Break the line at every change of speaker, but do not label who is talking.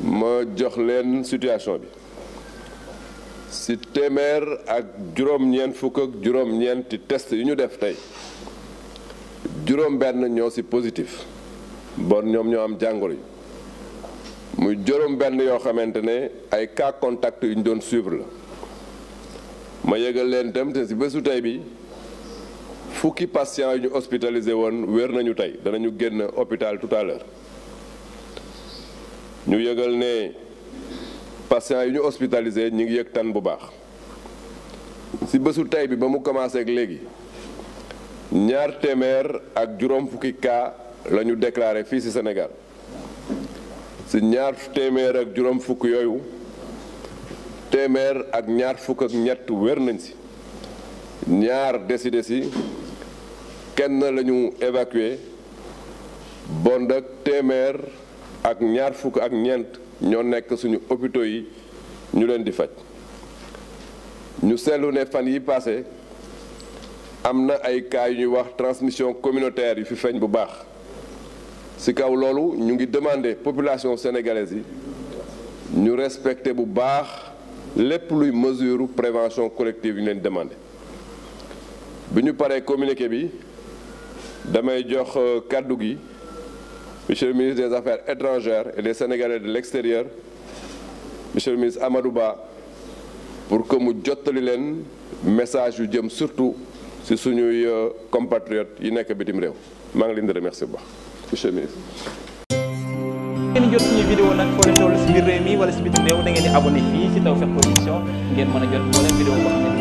ma jox leen situation bi si téeméer ak juróom-ñeent fukk ak juróom-ñeenti test yu ñu def tey juróom-benn ñoo si positif bon ñoom ñoo am jàngoro yi muy juróom-benn yoo xamante ne ay cas yu ñu doon suivre la ma yëgal leen itam te si bésu tey bi fukki patient yu ñu hospitalisé woon wér nañu tey danañu génn hôpital tout ñu yëgal ne patients yi ñu hospitalisé ñu ngi yëg tan bu baax ci bésu tey bi ba mu commencé ak léegi ñaar téeméer ak juróom fukki cas la ñu déclaré fii ci Sénégal ci ñaar téeméer ak juróom fukk yooyu téeméer ak ñaar fukk ak ñett wér nañ ci ñaar décédé ci kenn la ñu évacué bond ak téeméer. ak ñaar fukk ak ñeent ñoo nekk suñu hôpitaux yi ñu leen di faj ñu seetlu ne fan yi passé am na ay cas yu ñuy wax transmission communautaire yu fi feeñ bu baax ci kaw loolu ñu ngi demander population sénégalaise yi ñu respecter bu baax lépp luy mesure prévention collective yu leen demandé bi ñu paree communiqué bi damay jox euh, kàddu gi Monsieur ministre des Affaires étrangères et des Sénégalais de l'extérieur monsieur le ministre Amadou Ba pour que mu jottali leen message yu jëm surtout ci suñuy euh, compatriotes yi nekk bitim réew maa ngi leen di remercier bu baax monsieur le
jot suñu vidéo nag foo leen toll ci biir réew mi wala ci bitim réew da ngeen di abonné fii ci Tawfekh Production